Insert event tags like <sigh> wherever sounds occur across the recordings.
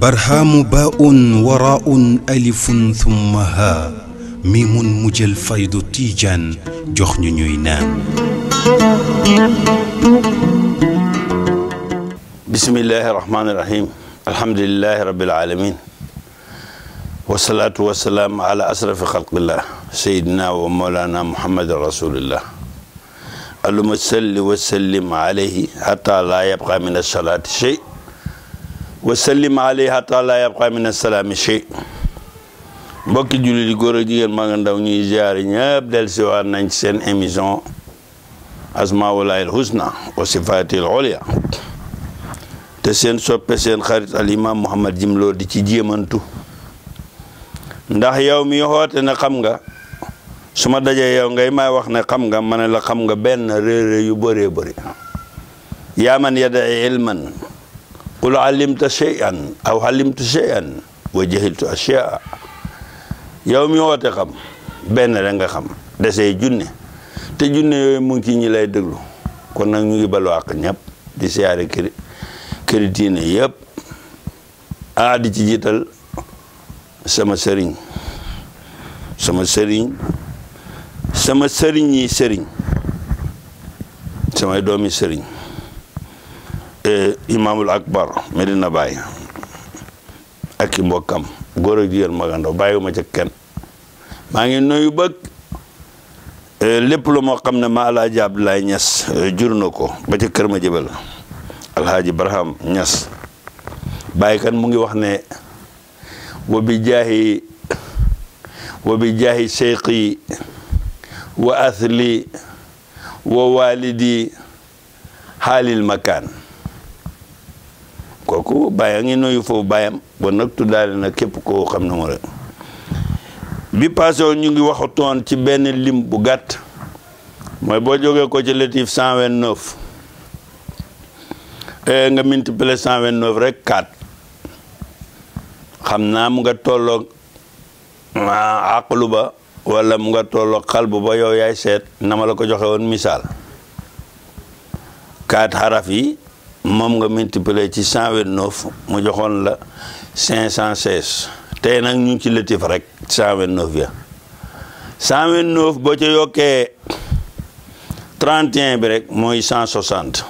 برهام باء وراء ألف ثم ها ميم مجل فيض تيجان جخن نينان بسم الله الرحمن الرحيم الحمد لله رب العالمين والصلاة والسلام على أشرف خلق الله سيدنا ومولانا محمد رسول الله اللهم صل وسلم عليه حتى لا يبقى من الصلاة شيء وسلم عليه حتى لا يبقى من السلام شيء بوك جولي دي غورو جيغن ماغا نداو ني زيار نياب دلسي وار نانج سين اميزون اسماء الله الحسنى وصفات العليا te seen soppe seen xarit al imam mohammad jimlo di ci jiemantu ndax yow su ma dajee yow ngay may wax ne xam nga ma ne la xam nga benn réere yu bëree ya man yadai ilman qul alimta shay'an aw alimtu shay'an wa jahiltu ashyaa yow mi woote xam ben rek nga xam desee junne te junne yooyu mu ngi ci ñi lay déglu kon ñu ngi balu àq di siyaare kër këri diine yëpp ah, di ci jiital sama sering, sama sering. sama sëriñ yi sëriñ samay doomi sëriñ e, imaamul akbar Medina Baye ak i mbokkam góor ak jigéen mag ak ndaw bàyyiwuma maa ngi nuyu bëgg e, lépp lu moo xam ne ma alaaji Abdoulaye Niass e, jur na ko ba ca kër ma jëbal alhaaji Barham Niass bàyyi kan mu ngi wax ne wa bi jaahi wa athli wa walidi xaalil makaan kooku bàyyi ngi nuyu foofu bàyyam bon nag tuddaale na képp ko xam ne moo bi passé ñu ngi waxatoon ci benn lim bu gàtt mooy boo jógee ko ci Latif 129 eh, nga multiplier 129 rek 4 xam naa mu nga tolloog aqlu ah, ba wala mu nga tolloo xalbu ba yow yaay seet na ma la ko joxe woon misaal quatre xaraf yi moom nga multiplier ci cent vingt-neuf mu joxoon la cinq cent seize tey nag ñu ngi ci lëtif rek cent vingt-neuf ya cent vingt boo ca yokkee trente bi rek mooy cent soixante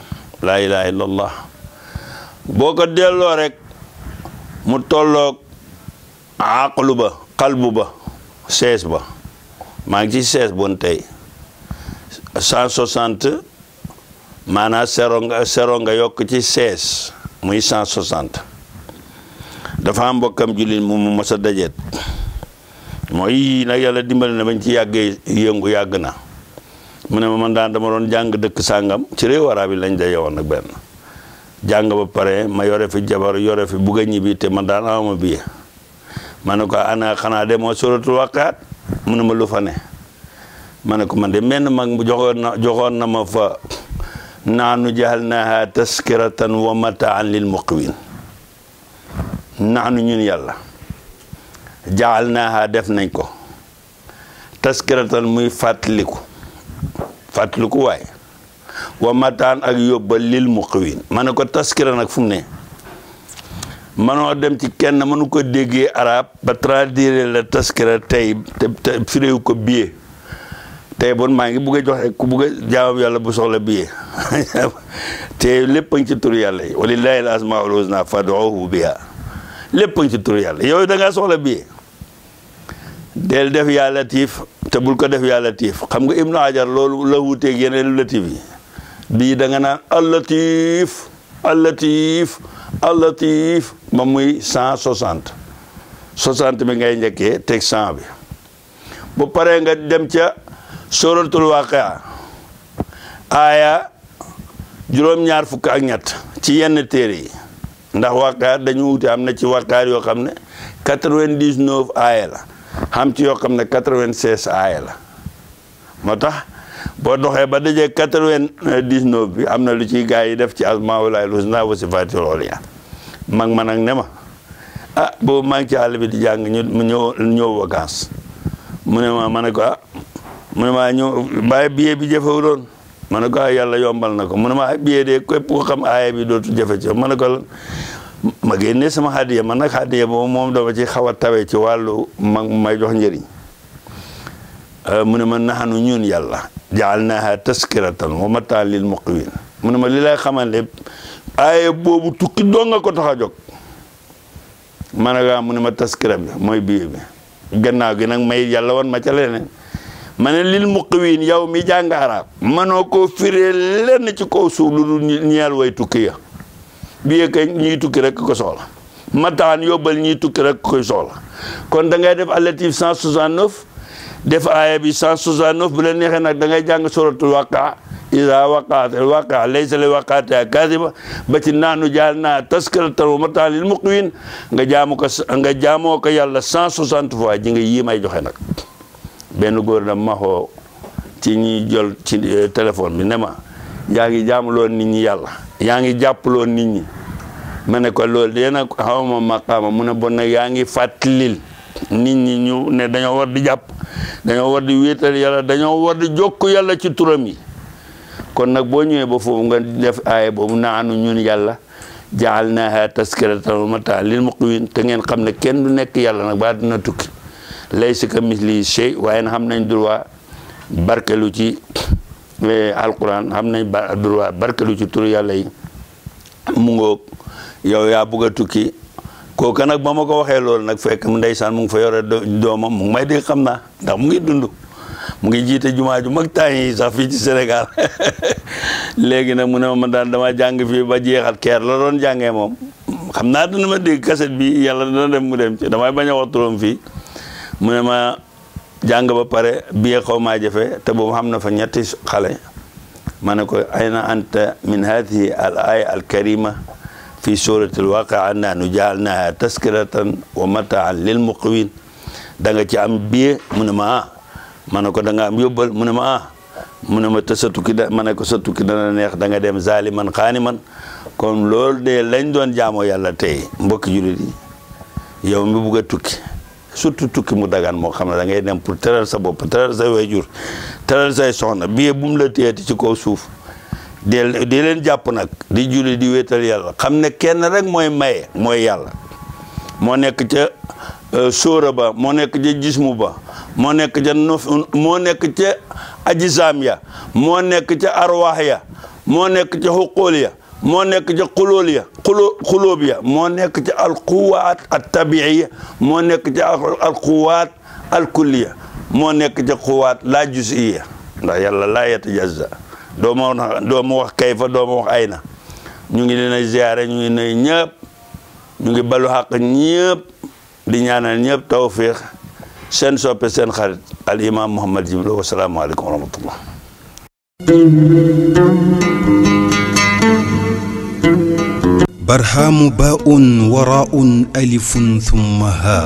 laa ilaha illallah boo ko delloo rek mu tolloog aqlu ba qalbu ba seize ba maa ngi ci seize bon tey cent soixante maanaam zéro nga zéro nga yokk ci seize muy cent soixante dafa am mbokkam jullit mu mu mos a mooy yii nag yàlla dimbali na bañ ci yàggee yëngu yàgg na mu ne ma man daan dama doon jàng dëkk sàngam ci réew araab yi lañ daje woon nag benn jàng ba pare ma yore fi jabar yore fi bugg a ñibbi te man daan amama bii ma ne ko ana xanaa demoo suratul waqaat mu ne ma lu fa ne ma ne ko man de menn mag mu joxoon joxoon na ma fa naanu jahalnaha taskiratan wa mataan lil muqwin naanu ñun yàlla jahalnaha def nañ ko taskiratan muy fàttaliku fàttaliku waaye wa mataan ak yóbbal lil muqwin ma ne ko taskira nag fu mu ne manoo dem ci kenn mënu ko déggee arab ba traduire la taskira tey te firéewu ko billet tey bon maa ngi bugg a joxe ku bugg a jaamam yàlla bu soxla billet <laughs> te lépp a ci tur yàlla yi walillahi al asmaul husna fad'uhu biha lépp a ci tur yàlla yow da ngaa soxla billet del def yaa latif te bul ko def yaa latif xam nga ibnu hajar loolu la wuuteeg yeneen latif yi bii naan al latif al latif Alatif ba muy cent sosant. soixante bi ngay njëkkee teg cent bi bu paree nga dem ca suratul waqia aaya juróom-ñaar fukk ak ñett ci yenn téere ndax waqia dañu wuti am ci waqia yoo xam la ci la boo doxee ba dajee quatre vingt dix bi am na lu ciy gars yi def ci asmaa'ul husnaa wa sifaatul ulyaa mag ma nag ne ma ah boobu maa ci àll di jàng ñu ñëw ñëw vacances mu ne ma ma ne ko ah mu ne maa ah, ñëw bi jafewu doon ko ah, yàlla yombal na ko mu ne ma ah, billet de képp ko xam aaya bi dootu jafe ci ma ne ko ma génnee sama hadiya man nag hadiya boobu moom dama ci xaw a tawee ci wàllu mag may jox njëriñ euh, mu ne ma naxanu ñun yàlla jaalnaaha taskiratan wa mataan lil muqwin mu ne ma li lay xamal ne aaya boobu tukki dong nga ko tax a jóg ma ne ko ah, mu ne ma taskira bi mooy bi gannaaw gi nag may yàlla woon ma ca leneen li ne lil muqwin yow mi jàng arab manoo ko firee lenn ci ko suuf lu way tukki ya bii kay tukki rek ko soxla mataan yóbbal ñiy tukki rek koy soxla kon da def allatif 169 def aaya bi 169 bu leen neexee nag da ngay jàng suratul waqaa ida waqaatil waqaa laysa a waqaatiha ba ci naanu jaal naa taskiratan wa mataa lil muqwin nga jaamu ko nga jaamoo ko yàlla 160 fois ji nga yii may joxe nag benn góor na maxoo ci ñi jël ci eh, téléphone bi ne ma yaa ngi jaamuloo nit ñi yàlla yaa ngi jàppaloo nit ñi ma ne ko loolu dee nag xawma mu ne bon nag yaa ngi fàttalil nit ñi ñu ne dañoo war di jàpp dañoo war di wéetal yàlla dañoo war di jokk yàlla ci turam yi kon nag boo ñëwee ba foofu nga def aaya boobu naanu ñun yàlla na taskiratan wa mataa lil muqwin te ngeen xam ne kenn du nekk yàlla nag ba dina tukki laysa ka misli shay waaye na xam nañ droit barkelu ci eh, alquran xam nañ droit barkelu ci turu yàlla yi mu ngoog yow tukki kooka nag ba ma ko waxee loolu nag fekk ndeysaan mu ngi fa yore doomam mu ngi may dégg xam naa ndax mu ngi dund mu ngi jiite jumaa ju mag temps yi sax ci Sénégal <laughs> léegi nag mu ne ma man dama ba la ma bi yàlla dana dem mu dem ci damay bañ a wax mu ne ma jàng ba pare biyee xaw maa te boobu fa ñetti ko ayna anta min hadihi al ay al karima fi naa waqia nahnu jaalnaha taskiratan wa mataan lil muqwin da nga ci am billet mu ne ma ah ma ne ko da nga am yóbbal mu ne ma ah mu ne ma te sa tukki da ma ne ko sa tukki dana neex da nga dem zaliman xaaniman kon lool de lañ doon jaamoo yàlla tey mbokki jullit yi yow mi bugg a tukki surtout tukki mu dagan moo xam ne da ngay dem pour teral sa bopp teral say waajur teral say soxna billet bu mu la téyeeti ci kaw suuf de di leen jàpp nag di julli di wéetal yàlla xam ne kenn rek mooy maye mooy yàlla moo nekk ca euh, sóora ba moo nekk ca jismu ba moo nekk ca nof moo nekk ca ajisaam ya moo nekk ca arwaax ya moo nekk ca xuqool ya moo nekk ca xulóol ya xulo xulóob ya moo nekk ca alquwaat at tabiiya moo nekk ca alquwaat alkulliya moo nekk ca quwaat laa jusiya ndax yàlla laa yatajazza doo wax doo ma wax kay ñu ngi leen a ziare ñu ngi nuyu ñëpp ñu ngi balu xàq ñëpp di ñaanal ñëpp tawfiq seen soppe seen xarit al imam Mouhamed Djibril wa salaamualeykum wa rahmatullah barhamu baun waraun ha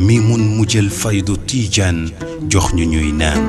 mi mun faydu tiijaan jox ñu ñuy naan